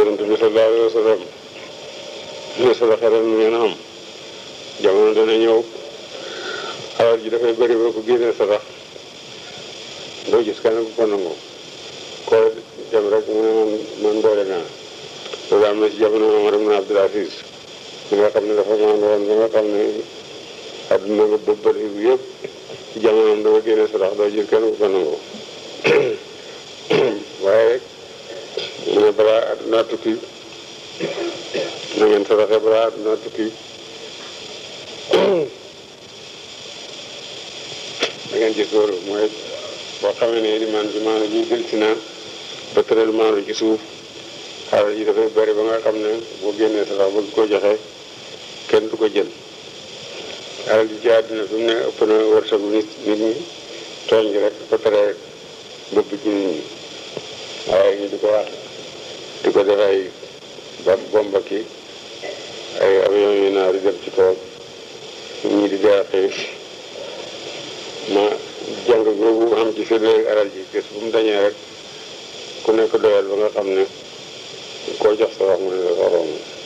yonent bi sallallahu alayhi wa sallam ne sadaxa ren mu ngeen am jamono dana ñëw alal ji dafay bëri ba ko génnee sadax doo gis kenn ku ko nangu koo dem rek mu ne man man boole naa loolu am na ci jamono Omar ibn Abdul Aziz mi nga xam ne dafa maan woon ba nga xam ne adduna nga bëbbal yëpp ci jamonoom da nga génnee sadax doo gis kenn ku ko nangu mu ne balaa addunaa tukki na ngeen saraxe balaa addunaa tukki da ngeen gis mooy boo xamee ne limaan bi maanaam ñu gël si na ba tëral maanaam ci suuf xaaral dafay bëri ba nga xam ne boo génnee sarax bëgg koo joxe kenn du ko jël xaaral ji ci àdduna fi mu ne ëpp na wërsëgu nit nit ñi tooñ rek ba pare ci waaye ñu di ko wax di ko def ay ba bomba ay avion yu naar yi dem ci kawam ñii di dee xiif ma jàng googu am ci firnde alal ji gis bu mu dañee rek ku nekk doyal ba nga xam ne koo jox sa wax mu ne la